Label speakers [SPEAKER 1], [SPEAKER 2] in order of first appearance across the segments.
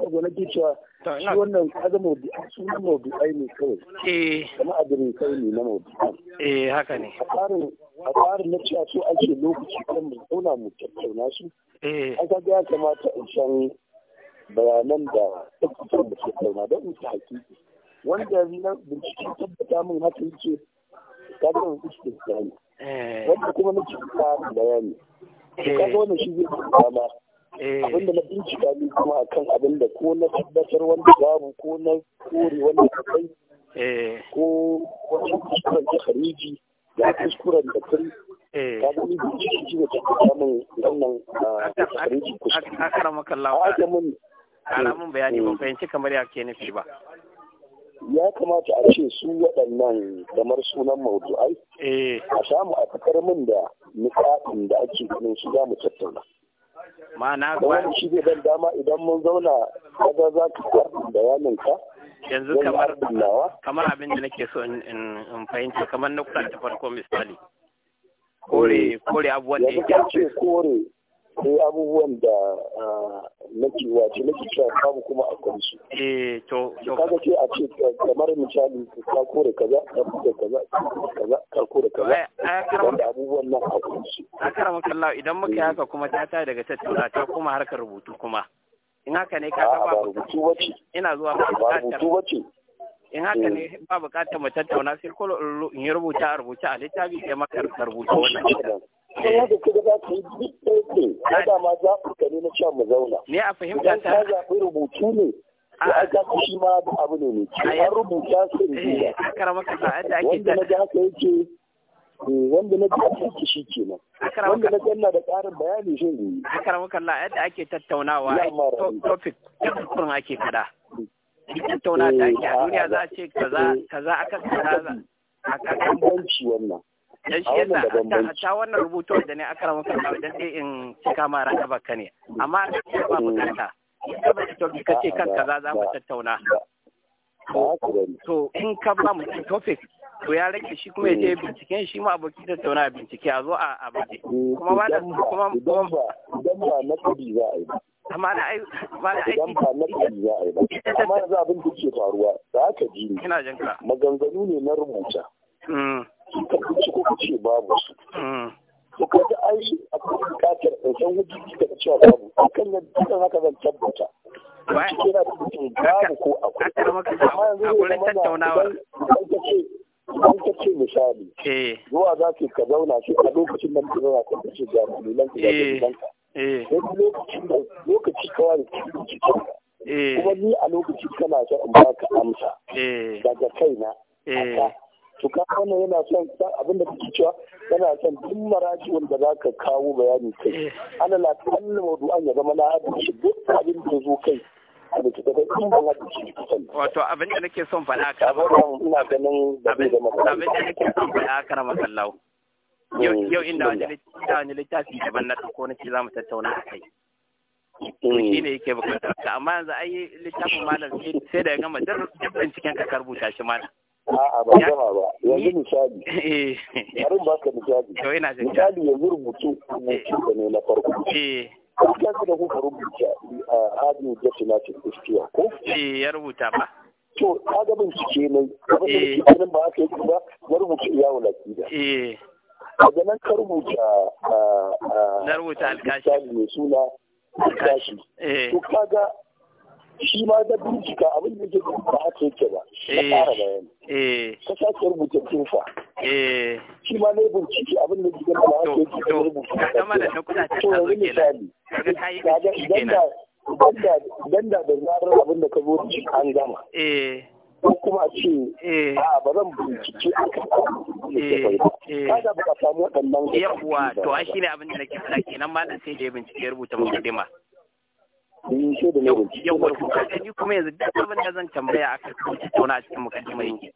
[SPEAKER 1] ko na cewa shi wannan kaga maudu sunan maudu'ai ne kawai eh. kuma a adirin kai ne na maudu'ai eh haka ne a tsarin a tsarin na cewa su ake lokaci kan mu zauna mu tattauna su eh aka ga ya kamata in san bayanan da tabbatar da su tattauna don in ta hakiki wanda na binciken tabbata min haka yake kaga mun da bayani eh. wanda kuma na cikin bayani kaga wannan shi zai ba Eh. abin da na bincika ni kuma akan abin da ko na tabbatar wanda babu ko na kore wanda kai eh. ko wani kuskuren da kariji ya kuskuren da kai eh. ka gani bincike shi ne ta kusa min wannan khariji kuskure akara makallawa a alamun bayani ba fahimci kamar ya ke nufi ba ya kamata a ce su waɗannan kamar sunan maudu'ai a samu a fitar min da nufaɗin da ake ganin su za mu tattauna ma na ga wani shi ne ban dama idan mun zauna kaga za ka karɓi bayanin ka yanzu kamar kamar abin da nake so in fahimta kamar na kula ta farko misali kore kore abubuwan da yake kore akwai abubuwan da na nake wace na cewa babu kuma a kwanci. Eh kaga ce a ce kamar misali ka kore kaza ka kore kaza ka kaza ka kore kaza. Wanda abubuwan nan a kansu. Akara makallawa idan muka yaka eh. kuma ta ta daga tattauna ta kuma harkar rubutu kuma. In haka ne ka ga ba rubutu bace. Ina zuwa ba rubutu bace. in haka ne eh. ba bukatar mu tattauna sai kullum in rubuta a rubuta a littafi sai maka rubuta wannan kuma da ka gaba ka yi duk ɗaya ce na dama zaɓi ka ne na cewa mu zauna ne a fahimta ta zaɓi rubutu ne a ga shi ma abu ne ne an rubuta su in eh, eh, wanda na ga haka yake wanda na ga haka shi nan, wanda na ganna da ƙarin bayani shi ne a karamakan la yadda ake tattaunawa topic kurin ake kada tattauna ta eh, ake a duniya za a ce kaza kaza akan kaza a kan banci wannan dan shi yasa ta wannan rubutu da ne aka ramu kan dan sai in cika ma raka baka ne mm. amma ba bukata ita ba to ka ce kan kaza za mu tattauna to in ka ba mu topic to ya rage shi kuma ya mm. binciken shi ma abokin tattauna bincike a zo a abaje mm, kuma ba da kuma idan ba na kudi za a yi amma na ai ba na aiki ba na kudi za a yi ba amma yanzu abin da ke faruwa da aka ji ne maganganu ne na rubuta suka kuce ko kuce babu su. Hmm. To ka ga ai akwai bukatar ɗaukan hujjoji da cewa babu akan yadda kan haka zan tabbata. Cikin yana cikin babu ko akwai. Amma yanzu ne mana idan ka ce idan ka ce misali. Eh. Zuwa za ka zauna shi a lokacin nan ka zauna kan kace ga dalilan ka ga ka. Eh. Eh. Sai lokacin da lokaci kawai cikin cikin kuma ni a lokacin kana son in baka amsa daga kaina. to ka wannan yana son abin da kake cewa yana son duk maraji wanda za ka kawo bayani kai eh. ana na kallon an ya zama na hadisi duk abin da zo kai wato abin da nake son faɗa ka ina ganin abin da nake son faɗa ka rama kallahu yau eh, inda wani littafi daban na ko nake za mu tattauna a kai to eh. shi ne yake bukata amma yanzu ai littafin malam sai da ya gama duk cikin kakar buta shi malam A'a ba gama ba, yanzu misali, yarin eh. ba ka misali, misali yanzu rubutu rubutu ne na farko. Eh. Kuka da kuka rubuta a Hajji Jaffinatin Istiya ko? Eh, ya rubuta ba. To, ka ga cike ne, abin da eh. ba ka yi ba, na rubuta yawon akida. Eh. Daga nan ka rubuta a... Na rubuta alkashi. Misali mai suna alkashi. Eh. To, shi ma da bincika abin da yake ba haka yake ba na eh, fara bayani ta eh. sake rubuta eh. shi ma na bincike abin da ke ba haka yake ba rubuta tufa to yanzu misali kaga idan da idan da da abin da ka zo da an gama ko kuma ce a ba zan bincike a kan kada ba ka samu waɗannan yawwa to a shi ne abin da nake faɗa kenan ma sai da ya bincike rubuta mukaddima in eh, shi da lagos yau wato kaji kuma yanzu duk abin da zan tambaya aka kauce tauna a cikin mukaddima yake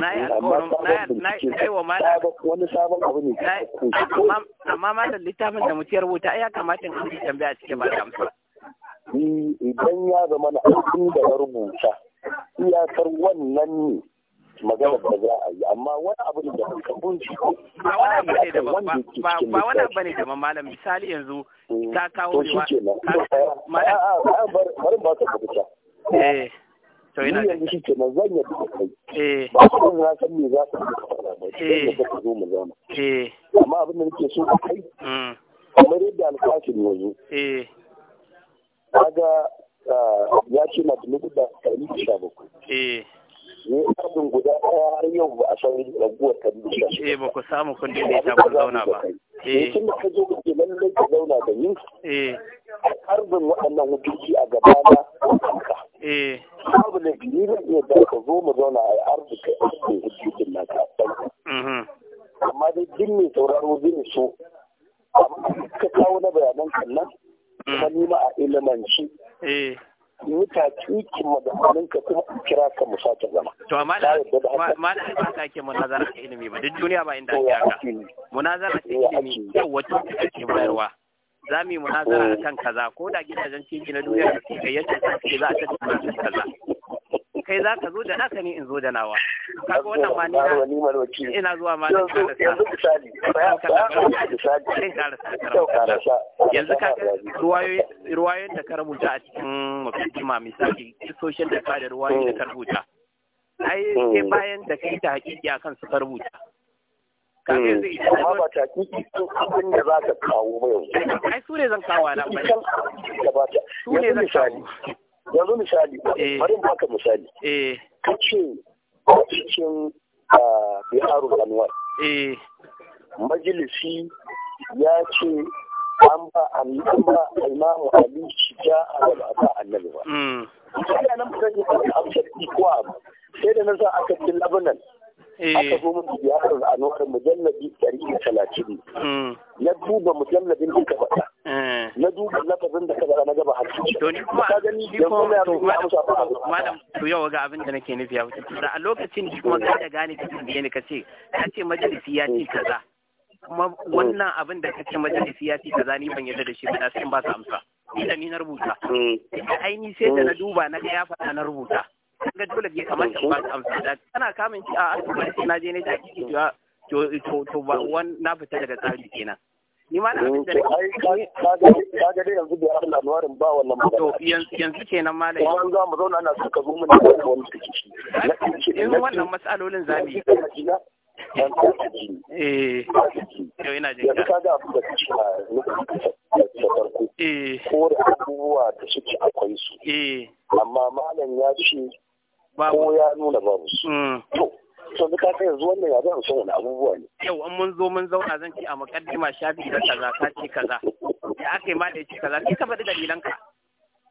[SPEAKER 1] na yi eh, alkawarin na yi wa malam wani sabon abu ne amma malam littafin da mutu ya rubuta ya kamata in yi tambaya cikin ba da amsa eh, idan ya zama na abin da ya rubuta iyakar wannan ne magana da za a yi amma wani abu ne da kabun ba wani abu ne da ba wani abu ne da malam misali yanzu ta mm. kawo ni wa malam bari ba ka fita eh to ina yanzu shi ke nan zan yi kai eh ba ku na san me za ka fara ba eh da ka zo mu zama eh amma abin da nake so kai mm kamar yadda alƙawarin yanzu eh kaga ah, ya ce na da 117 eh ni abin guda ɗaya har yau ba a san raguwar ta biyu eh, eh ba ku samu kun daidaita kun zauna ba eh. eh tun da ka zo ka ce lallai ka zauna da ni eh harbin waɗannan hukunci a gaba na kanka eh babu ne ni zan iya da ka zo mu zauna a arziki arzikin hukuncin na ka mm-hmm. amma dai jin mai sauraro zai so amma ka kawo na bayanan kan nan mm. kuma ni ma a ilimanci eh mita tukin maganganun ka kuma a kira ka mu sake zama. To amma da malam ba ta ke munazara ta ilimi ba duk duniya ba inda ake haka. Munazara ta ilimi yau ta ke bayarwa. Za mu yi munazara a kan kaza ko da gidajen tv na duniya da ke yadda suke za a ta tafi kan kaza. Kai za ka zo da naka ne in zo da nawa. Kaga wannan ma ni ina zuwa ma da karasa. Yanzu misali, yanzu ka ruwayoyin da ka rubuta a cikin mukaddima misali kisoshin da ka da ruwayi da ka rubuta ai hmm. sai bayan da kai ta hakiki akan su ka rubuta kafin hmm. zai amma ba ta kiki sun abin da za ka kawo mai yanzu ai su ne zan kawo na bari su ne zan kawo yanzu misali eh. bari in baka misali eh. ka ce a cikin biharul anwar eh. majalisi ya ce an ba an ba imamu ali shaja'a da ba annabi ba mm. ina nan ba yi amsar ba sai da na aka ci labanan eh. aka zo musu ziyarar anwar mujallabi ɗari da mm. na duba mujallabin da ka faɗa eh. na duba lafazin da ka zara na gaba hakki to ni kuma ka gani dan kuma ya madam to yau ga abin da nake nufi a a lokacin da kuma ka da gane ka tambaye ni ka ce ce majalisi ya ce kaza wannan abin da kake majalisi ya ce kaza zani ban yadda da shi ba sai ba su amsa ni da ni na rubuta ai aini sai da na duba na ga ya faɗa na rubuta ga dole bai kamata in ba su amsa da kana kamin ci a asibiti sai na je ne da kike cewa to to ba wan na fita daga tsari kenan ni ma na abin da ga dai yanzu biyar Allah nuwarin ba wannan ba to yanzu yanzu kenan malai kuma za mu zauna ana so ka zo mun da wannan ciki in wannan masalolin zamu yi yan kwanaki eh yau ina jin ka abu da kace na eh. farko ko da abubuwa da suke akwai su eh. amma malam ya ce ko ya nuna babu su mm. to to ka kai yanzu wannan ya zan so wani abubuwa ne yau an mun zo mun zauna zan ci a mukaddima shafi da kaza ka ce kaza da aka yi ma da ya ce kaza sai ka faɗi dalilanka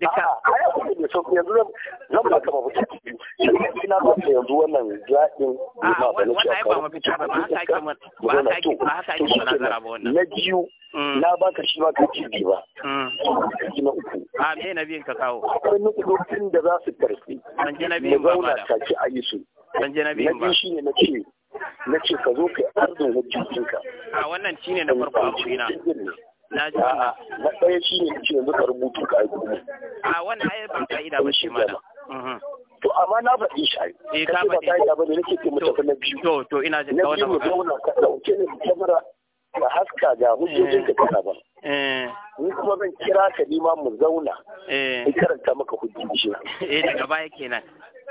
[SPEAKER 1] duka ai abu da so yanzu zan baka mafita ina ba ka yanzu wannan jaɗin ba ba na ci a kawo ba haka ake ba haka ake munazara ba wannan na biyu mm. na ba ka shi ba ka ci ba kaji mm. na uku a me na biyun ka kawo akwai nuku lokacin da za su karfi ban je na biyun ba ci a yi su na biyu shi ne na ce na ce ka zo ka yi arzin hujjojinka a wannan ne na farko a na. na ji wannan na ɗaya shi ne ce yanzu ka rubutu ka aiko mu a wannan ai ba ka'ida ba shi mana mhm. to amma na faɗi shi ai eh ka faɗi ba ka'ida ba ne nake ce mu tafi na biyu to to ina jin ka wannan na mu ka dauke ni kamera ka haska ga hujjojin ka kana ba eh. ni kuma zan kira ka nima mu zauna eh. in karanta maka hujjojin eh daga baya kenan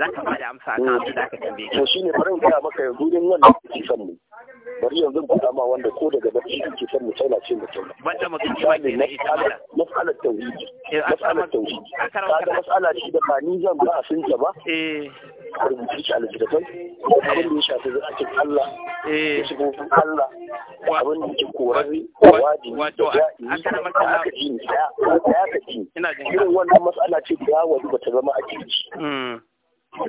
[SPEAKER 1] za ka ba da amsa kan abin da aka tambaye ka. To shine bari in gaya maka yanzu din wannan kake son mu. Bari yanzu faɗa ma wanda ko daga barci kake son mu tauna ce mutum. Banda mu kake ba ke na ita mana. Mas'alar tauhidi. Eh, mas'alar tauhidi. Kaga mas'ala ce da ba ni zan ba a sunta ba. Eh. A rubuce shi a littattafai. Abin da ya shafi zaɓin Allah. Eh. Da shigofin Allah. Abin da yake korarre. Wajibi. Wato a kana maka aka ji ni. Ina jin. Irin wannan mas'ala ce da ya wajiba ta zama a kirki. Hmm.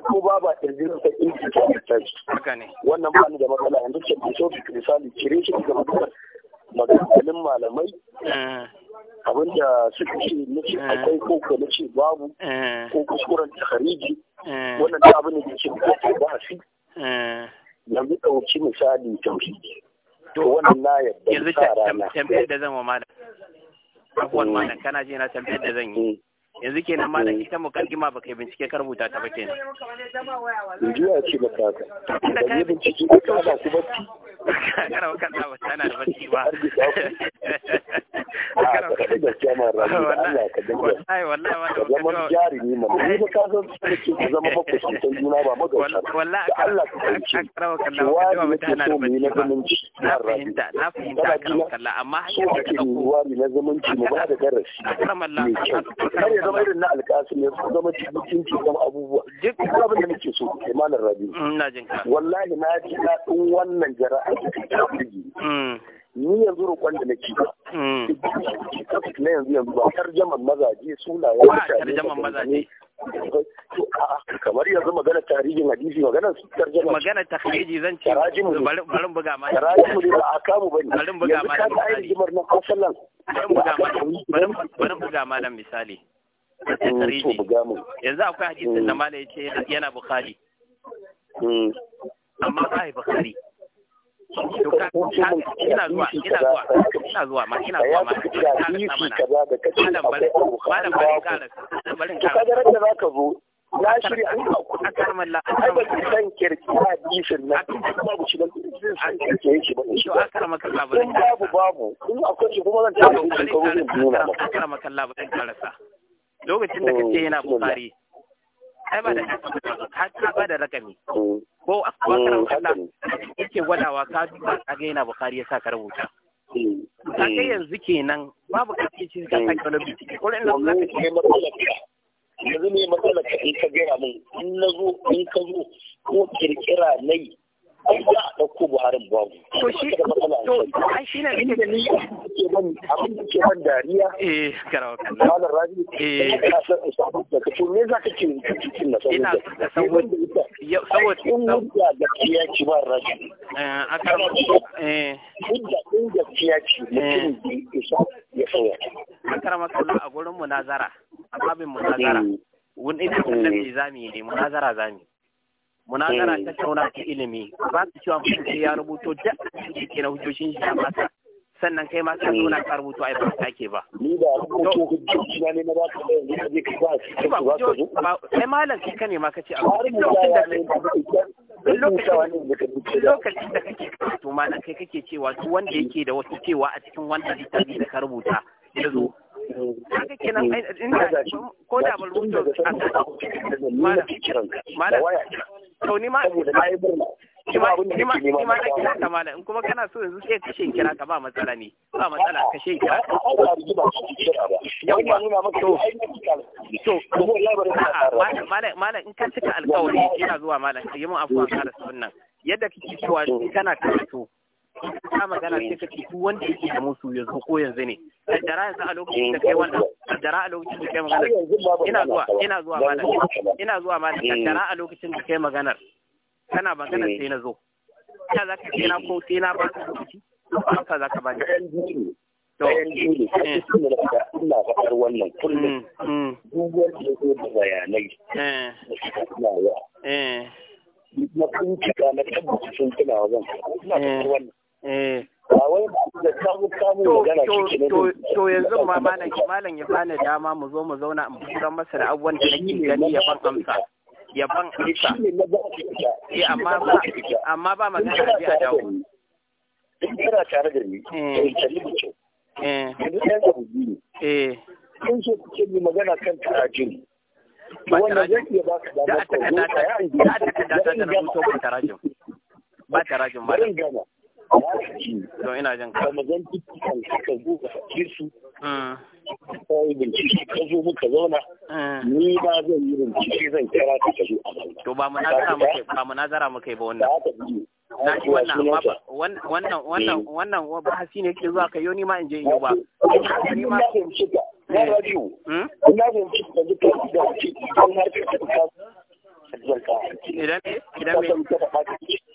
[SPEAKER 1] ko ba ba ɗirgin sa inji ta littafi wannan ba ni da matsala yanzu ce mai so misali cire shi daga matsalar malamai eh. abinda suka ce na ce eh. akwai ko ko na ce babu eh. ko kuskuren tahariji wannan ta abin da ke bukatar ba shi yanzu ɗauki misali tauhidi to wannan na yadda yanzu tambayar da zan wa malam abuwan malam kana ji na tambayar da zan yi yanzu kenan ma da eh. ita mukaddima ba baka bincike ka rubuta ta ba kenan ya ce ka da ne bincike ka ba ku bacci kana ba kana ba tana da bacci ba gaskiya ma zama jari ne ni ba ba juna ba magauta Allah ka san na fahimta na fahimta karawa amma wani na mu ba da garashi zama irin na alƙasim zama cikin cikin da nake so mm, ka wallahi na ji wannan jara'a da mm. ni yanzu roƙon da nake ba Hmm. na yanzu yanzu ba tarjaman mazaje sunayen kamar yanzu magana tarihin hadisi magana ce buga ma ne ba a kamu bane buga ma misali hmm, yanzu akwai hadisin da hmm. mala yace yana bukhari amma bukhari ina zuwa ina zuwa ina zuwa ma ina zuwa ma malam bari malam zaka zo shirya an ku akar malla san babu shi san shi ba akar babu babu in akwai shi kuma zan ta da shi ko zan nuna maka akar karasa lokacin da kace hmm, yana bukari ai ba da hmm. ka ba da rakami ko a kwakar mm, Allah yake gwadawa ka duba ka ga yana bukari ya sa ka rubuta mm, ka ga mm. yanzu kenan babu kake ci ka sake wani bincike ko in ina ka ce yanzu ne matsalar ka in ka gera min in na zo in ka zo ko kirkira na yi Akwai za a ɗauko buharin babu to shi to ni abin dariya eh kan malam rabi eh, eh me za ka ce cikin na ina saboda in da kiya ci ba rabi eh aka eh in da kiya ci mutum eh. ya a gurin munazara eh. wani ita kallon zami ne munazara zami munazara eh. ta tauna ta ilimi ba su cewa mutum ya rubuto da da ke na hujjoshin shi a masa sannan kai ma ka eh. zauna ka rubuto ai ba ka ke ba ni da hujjoshi na ne na ba ka da ni je ka ba ba malam kai ka ne ma kace a lokacin da lokacin da kake karatu ma kai kake cewa duk wanda yake da wasu cewa a cikin wannan littafi da ka rubuta ya zo haka eh. kenan ko da balbuto a kan malam to ni ma saboda na yi ni ma ni ma ni kira ka malam in kuma kana so yanzu sai kashe kira ka ba matsala ne ba matsala kashe kira ka yau ma nuna maka to to malam malam in ka cika alƙawari ina zuwa malam yi mun afuwa ka da wannan yadda kike cewa kana karatu ta magana sai ka ce wanda yake da musu yanzu ko yanzu ne kaddara yanzu a lokacin da kai wannan kaddara a lokacin da kai magana ina zuwa ina zuwa malam ina zuwa malam kaddara a lokacin da kai maganar kana magana sai na zo ta za ka ce na ko sai na ba ka lokaci ba ka za ka ba ni ina faɗar wannan kullum duk wanda ya zo da bayanai eh. Eh. na bincika na tabbata sun tuna wajen ina eh. faɗar wannan Eh. To yanzu ma malam ya bani dama mu zo mu zauna in fitar masa da abubuwan da nake gani ya ban amsa. Ya ban amsa. Eh amma ba amma ba magana da a dawo. In kira tare da ni, eh kalli eh. eh. Kun so magana kan tarajin. Wannan zai iya ka ka Da ta kada ta da rubuto kan tarajin. Ba tarajin ba. Bari ba. don ina jin ka mazan dukkan suka zo ka ce su ta hmm. yi bincike ka zo muka zauna hmm. ni ba zan yi bincike zan kira ka ka zo a zauna to ba munazara muke ba munazara muke ba wannan na ji wannan amma ba wannan wannan eh. wannan bahasi ne ke zuwa ka yo ni ma in je yi ba ni ma fahimci ka na rabiu na fahimci ka ji kai da idan har ka idan idan me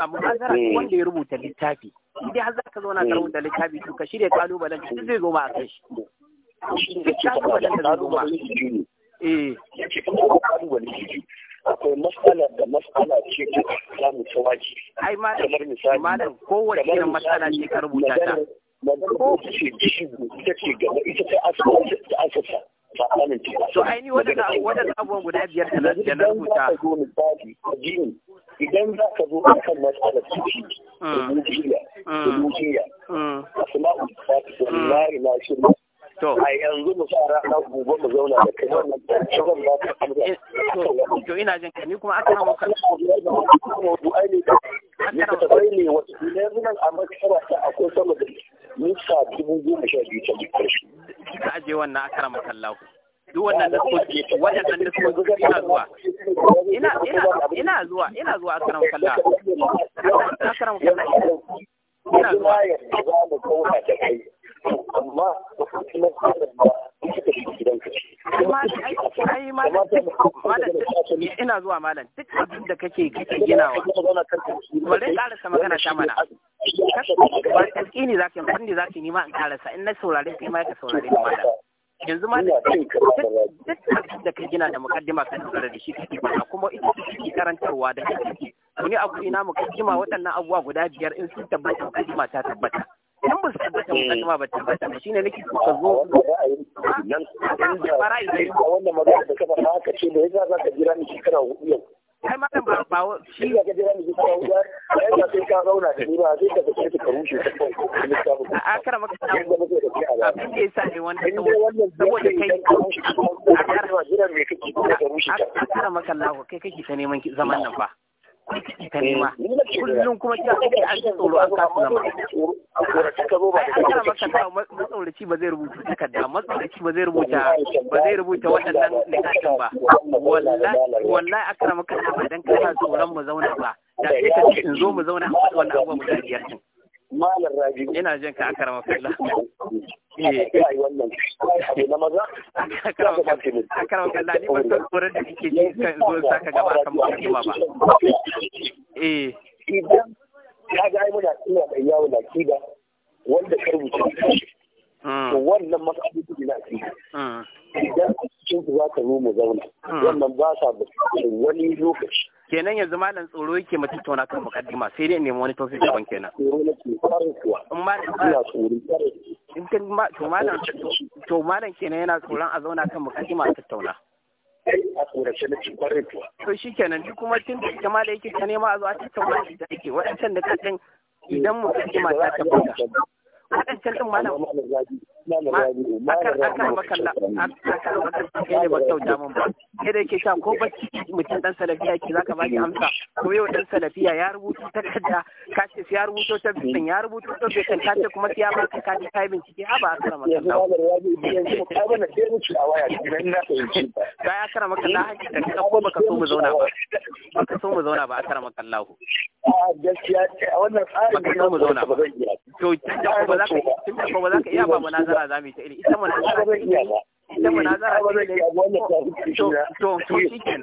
[SPEAKER 1] samu hanzara eh. wanda ya rubuta littafi idan har zaka zauna ka eh. rubuta littafi to ka shirya kalubalen duk zai zo ma a kai shi duk kalubalen da zai zo ma eh akwai matsala da matsala ce ta samu tawaki ai malam malam kowace irin matsala ce ka rubuta ta ko ce ita ce gaba ita ce asusa Idan za ka zo a kan matsalar ciki, ta fi na a yanzu mu fara gobe mu zauna da kai wannan ba ta amsa. To ina jin ka ni kuma aka ne ne yanzu nan a makarata akwai sama da nisa dubu goma sha biyu ta duk ƙarshe. Ka je wannan akara makallahu. Duk wannan da waɗannan da zuwa ina zuwa. Ina ina ina zuwa ina zuwa akara makallahu. Akara Ina zuwa. Ina zuwa mu kauna da kai. Amma ba ku kuma ba ina zuwa malam duk abin da kake gina wa. bare karasa magana ta mana ka gaske ni, zaka yi ne zaka yi ma in karasa in na saurare kai ma ka saurare ni ma yanzu ma da duk da ka gina da mukaddima kan dogara da shi kake fara kuma ita kake karantarwa da kake wani abu ina mukaddima waɗannan abubuwa guda biyar in sun tabbata mukaddima ta tabbata in ba su tabbata eh. mukaddima ba tabbata ba shine nake so ka zo nan da fara yi idan wannan magana da ka faɗa haka ce da yasa zaka jira ni shekara hudu yau kai ma ba ba shi zauna da ni ba zai ka ka rushe ta ba a kar maka abin da yasa ne wannan saboda kai a kar maka kai kake ta neman zaman nan ba kalima eh, kullum kuma ta kake an ji tsoro an kasu a korafi ka maka ta matsauraci ba zai rubuta takarda ba zai rubuta ba zai rubuta waɗannan likatan ba wallahi wallahi akara maka ta ba dan kana tsoron mu zauna ba da sai ka ce in zo mu zauna a wannan abubuwan mu da biyar malam rabi ina jin ka akara maka Eh, akan da eh. idan ya ga ai muna ina da yawo na kida wanda ka rubuta hmm. to wannan matsalolin kuɗi na ci hmm. idan cikin za ka zo mu zauna hmm. wannan ba sa wani lokaci kenan yanzu malam tsoro yake mu tattauna kan mukaddima sai dai nemi wani tofi daban kenan tsoro nake farin kuwa in ma ina tsoro in ka to malam kenan yana tsoron a zauna kan mukaddima a tattauna a shi na duk kuma tun da ita da yake ka nema a zuwa a tattauna da yake waɗancan da kaɗin idan mukaddima ta tabbata waɗancan ɗin malam akan makalla akan makalla kai ne ba kyauta min ba kai da yake sha ko bacci mutum ɗan salafiya ke zaka baki amsa ko yau ɗan salafiya ya rubuto takarda ka ce ya rubuto ta bisan ya rubuto ta bisan ka ce kuma ya ba ka kaji kai bincike ha ba a waya. kara makalla ba ya kara makalla hakika ka ko baka so mu zauna ba baka so mu zauna ba a kara makalla gaskiya a wannan tsarin da mu zauna ba to tun ba za ka tun ba za ka iya ba munazara za mu yi ta ilimi ita munazara ita munazara to to shikenan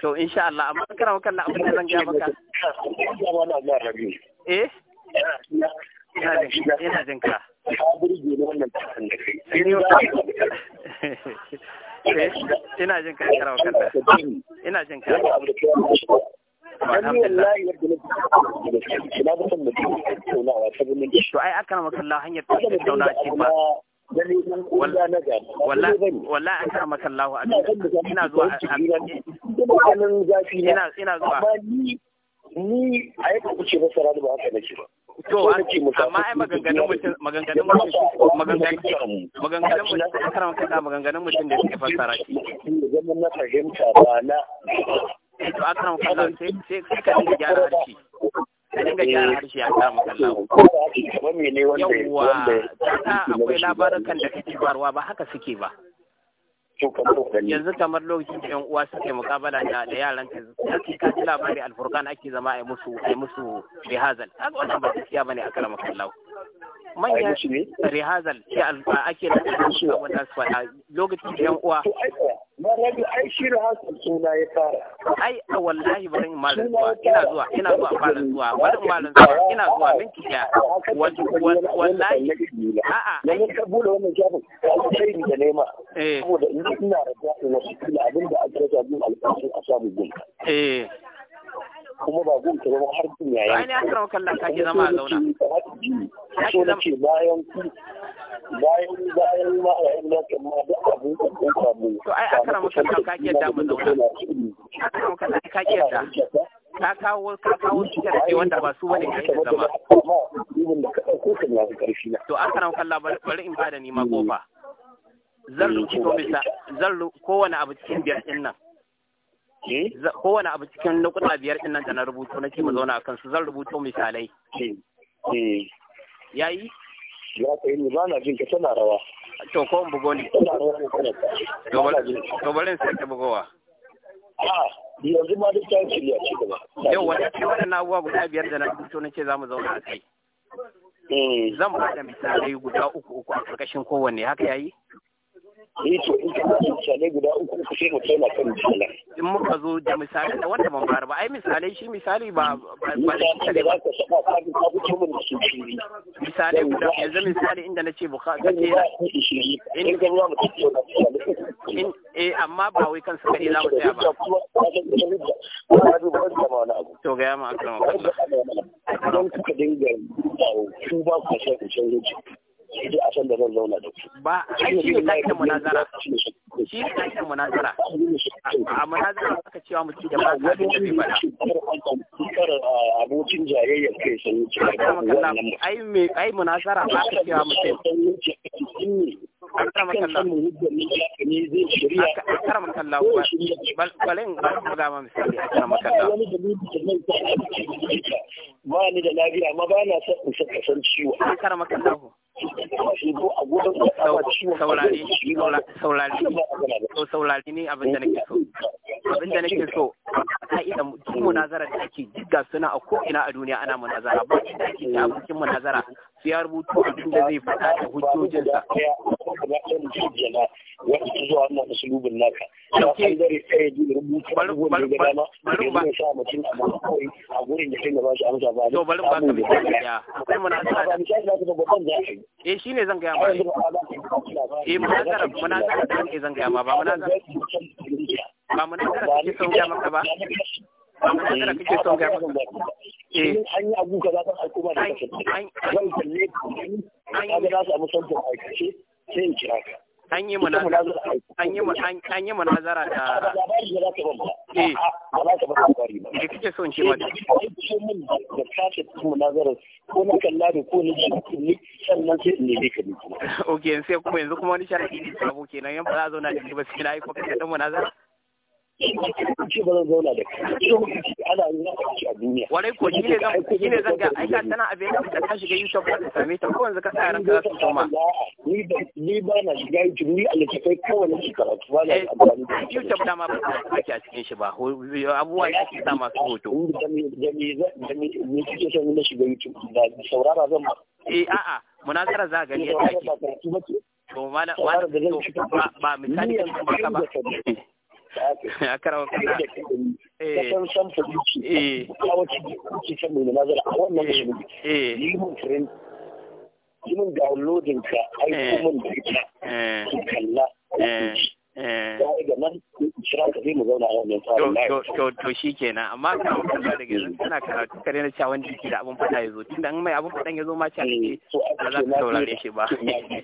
[SPEAKER 1] to insha Allah amma kana wa abin da zan ga maka eh ina jin ka eh? ina jin ka kana jin ina jin ka Alhamdulillah yadda na fi na fi son mutum ta gudun. To ai aka na hanyar tattaunawa ce ba. wallahi an kara maka Allahu a ina zuwa ina ina zuwa ni a yadda kuce masa rani ba haka nake ba to amma ai maganganun mutum maganganun mutum maganganun maganganun mutum an kara maka maganganun mutum da suke fassara shi zaman na fahimta ba na to an kara maka sai sai ka gyara harshe
[SPEAKER 2] dinga gyara harshe a yawwa
[SPEAKER 1] da akwai labarukan da kake barwa ba haka suke ba yanzu kamar lokacin da yan uwa suke mukabala da da yaran ka sai ka ji labari alfurqan ake zama ai musu ai musu rihazal kaga wannan ba gaskiya bane a manya ake da su wanda su lokacin da yan uwa Maradu ai shirin hasan suna ya fara. Ai a wallahi bari in malam zuwa ina zuwa ina zuwa malam zuwa bari in malam zuwa ina zuwa minti da wallahi a'a ai ka bude wannan shafin alkhairi da nema. Eh. Saboda ina da wasu kila abin da aka rasa bin alƙawarin a samu gunka. kuma ba gun ta zama har kun yayin ba ne aka rawa kallon ka ke zama a zauna so na ce bayan ku bayan bayan ma a yi yin lakin ma da abu da kun samu to ai aka rawa kallon ka ke da mu zauna aka rawa kallon ka ke da ka kawo ka kawo shi da ke wanda ba su bane kai zama to aka rawa kallon bari in bada ni ma kofa hmm. zan hmm, rubuto misa zan kowane abu cikin biyar din nan Eh? kowane abu cikin lokuta biyar din nan da na rubuto na ce mu zauna akan su zan rubuto misalai eh, eh. yayi ya kai ni ba na jin ka tana rawa to ko in bugo ne to bari in sake bugowa ah, yanzu ma duk ta shirya ci gaba yau wani ce waɗannan abubuwa guda biyar da na rubuto na ce za mu zauna a kai zan ba da misalai guda uku uku a ƙarƙashin kowanne haka yayi eh to in kana da misalai guda uku uku sai mu tauna kan misalan in muka zo da misalai da wanda ban bayar ba ai misalai shi misali ba ba ba da za ka saka ka ji ka fito mun su fili misalai guda yanzu misali inda na ce buka ka ce in ka ruwa mu tattauna in eh amma ba wai kan suka za mu tsaya ba to ga ya ma akan wannan don kuka dinga su ba ku sai ku sai sai a san da zan zauna da ku ba shi ne munazara shi ne munazara a munazara aka cewa mutum da ba ka da shi ba kar abokin jayayyar kai sun ai me ai munazara ba ka cewa mutum akram kallahu akram kallahu bal balin ga ma misali ba ni da lafiya amma ba na son in san ciwo akram kallahu saurari ne abin da nake so abin da nake so a ina duk munazarar da ake suna a ko ina a duniya ana munazara ba inda ta abokin munazara ya rubuto abin da zai faɗa da hujjojinsa. a ba. sa mutum a mara muna da. zan gaya ma. ba kake son gaya maka ba.
[SPEAKER 2] Ba kake son
[SPEAKER 1] gaya maka. Eh. in an yi abu ta kan ba da ba zan kalle ka za su abu son aikace sai in kira ka an yi munazara an yi an yi munazara da ba za ka ba eh. ba za ka ba labari ba me kike son ce ba da ce min da kace munazara ko na kalla da ko na ji ne sannan sai in nemi ka ne sai kuma yanzu kuma wani sharadi ne sabo kenan yan ba za a zauna da ba sai na yi ko kace munazara ce ba zan zauna da ana nuna kwanci a duniya. Warai ko shi ka shiga YouTube ba ka same ta ko yanzu ka tsaya ranka su koma. Ni ba na a littafai kawai ba eh, dama ba ta a cikin shi ba abubuwa ne ake sa masu hoto. ba. Eh a'a munazara za gani yadda ake. To malam ba misali ba ka ba. ya karawa kana eh san san fuci eh a eh, eh. ka ai kuma eh Eh. to shi kenan amma ka kuma da yanzu kana karatu kare na cewa wanda yake da abin fada ya tunda an mai abin fadan ma cewa eh, ne ba za ka saurare shi ba Kana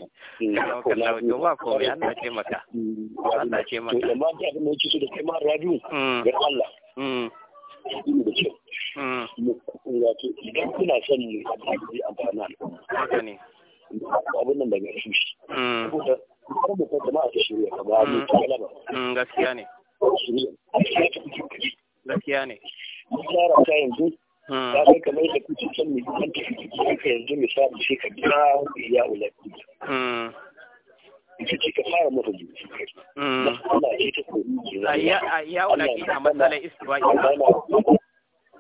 [SPEAKER 1] kallon to ba komai Allah ce maka mm. Allah ce maka to amma ta abin da da kai ma radio ga mm. Allah mm. da idan kuna son ne a ba amfana al'umma haka ne abin nan daga shi kuma mu san jama'a ta shirya ka ba mu mm. tsala ba mm, gaskiya ne gaskiya ne mun ta yanzu ta mm. kai kamar da kuke san mu kan ta kuke yanzu misali sai ka kira ya ulati ita ce fara mata jiki Allah ce ta koyi a ya ulati a matsalar istiwa'i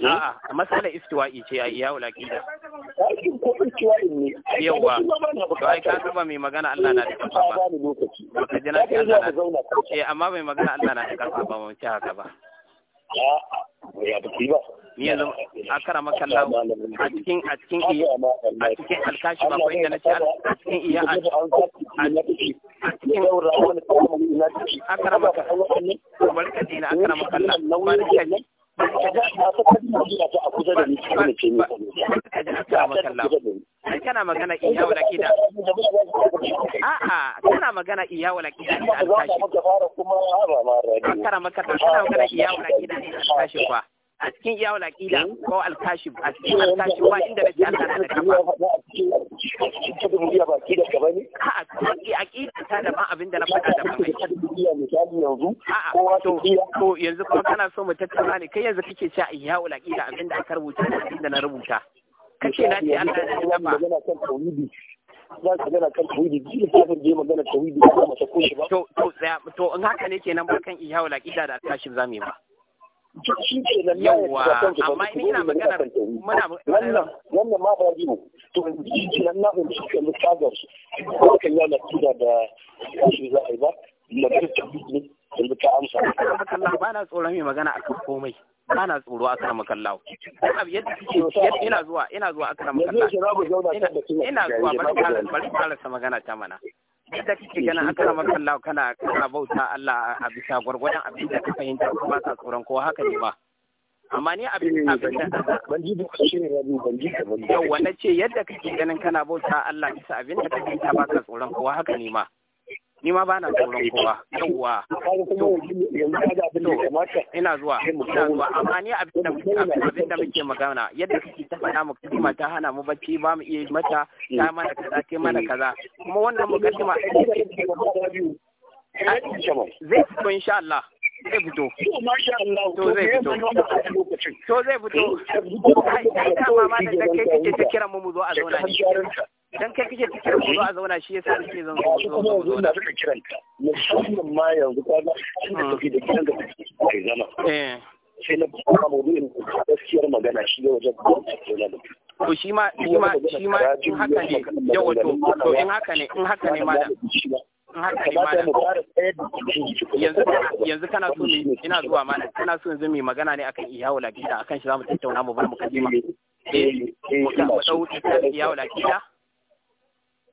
[SPEAKER 1] a'a a matsalar istiwa'i ce a ya ulati da ko in ciwa in ne to ai ka saba mai magana Allah na da karfa ba ka ji na ce Allah na eh amma mai magana Allah na da karfa ba mun ci haka ba ya ni yanzu a kara maka a cikin a cikin iya a cikin alkashi ba na ce a cikin iya a cikin a kara maka a kara kana magana iya wala kida a'a kana magana iya wala kida da tashi kana magana kana magana iya wala kida da tashi kwa a cikin iya wala kida ko alkashi a cikin alkashi ba inda nake an tana da kafa a'a akida ta daban abinda na faɗa da daban iya misali yanzu ko wato iya to yanzu kuma kana so mu tattauna ne kai yanzu kake cewa iya ul aqida abin da aka rubuta da abin da na rubuta
[SPEAKER 2] kace na ce Allah ya yi ba magana
[SPEAKER 1] kan tauhidi za ka gana kan tauhidi duk da kafin je magana tauhidi ba mu ta koshi ba to to tsaya to in haka ne kenan ba kan iya ul aqida da tashin zamu yi ba yawwa amma in ina magana muna wannan wannan ma ba biyu to yanzu nan na fahimci kan misagar ko kan yana kida da shi za a yi ba nagarta ne yanzu ka amsa Allah ba na tsoron mai magana akan komai ba na tsoro a kan makallawo ina zuwa ina zuwa a kan makallawo ina zuwa bari sa magana ta mana yadda kike ganin a kan makallawo kana kana bauta Allah a bisa gwargwadon abin da ka fahimta ba ka tsoron ko haka ne ba amma ni abin eh, abin da ban ji duk shi ne rabi ban ji da yau wanda ce yadda kake ganin kana bauta Allah bisa abin da ka fahimta ba ka tsoron ko haka ne ma ni ma bana tsoron kowa yawwa ina zuwa ina zuwa amma ni abin da muke magana yadda kake ta faɗa mu kuma ta hana mu bacci ba mu iya mata ta mana kaza ta mana kaza kuma wannan mu mukaddima zai fito insha Allah zai fito. To zai fito. To zai fito. kai ta ma da kake kike kira mu mu zo a zauna. dan kai kake cikin ku za a zauna shi yasa kake zan zo kuma yanzu na suka kiran ka musamman ma yanzu ka ga inda kake da kiran da kake zama eh sai na kuma maudu'in gaskiyar magana shi ga wajen gwamnati to shi ma shi ma shi ma in haka ne ya wato to in haka ne in haka ne malam in yanzu kana so ne ina zuwa mana kana so yanzu mai magana ne akan iyawu lafiya akan shi za mu tattauna mu bar mu kaji ma eh, eh, eh mu dau iyawu lafiya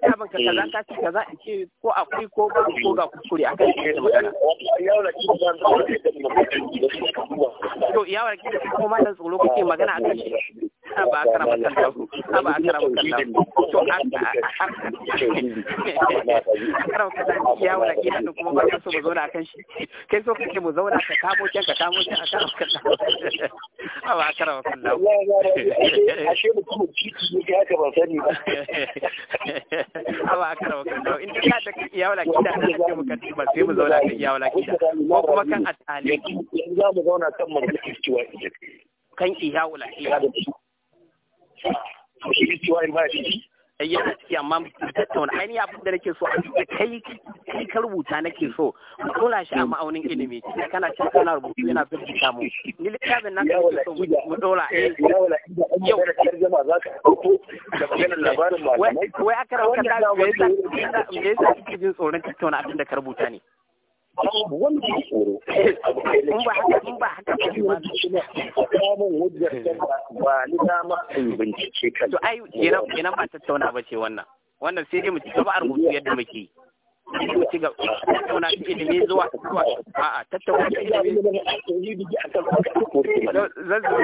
[SPEAKER 1] kitabin ka kaza ka ce kaza in ce ko akwai ko ba ko ga kuskure akan shi da magana to ya wala kitabin ko ma dan tsoro kuke magana akan shi a ba kara matan da a ba kara matan da to a kara matan da ku ya wala da kuma ba so mu da akan shi kai so kake mu zauna ka kamo can ka kamo can a kara da a ba kara matan da ku ashe mutum ka sani ba awa aka rawa kan dawo inda ka da iya wala kida da kake muka tiba sai mu zauna kan iya wala kida ko kuma kan atali za mu zauna kan kan iya wala kida shi in ba shi yana ciki amma mu tattauna ainihin abin da nake so a cikin kai kai ka rubuta nake so mu dora shi a ma'aunin ilimi kana cin kana rubutu yana fi ki samu ni littafin nan kake so mu dora eh, yau da za ka da labarin ma wai aka yasa kike jin tsoron tattauna abin da ka rubuta ne in ba haka a ba haka ne ba ni to ai kenan ba tattauna ba ce wannan wannan sai dai mu ci a rubutu yadda muke mu ci tattauna ilimi zuwa zuwa a'a tattauna ilimi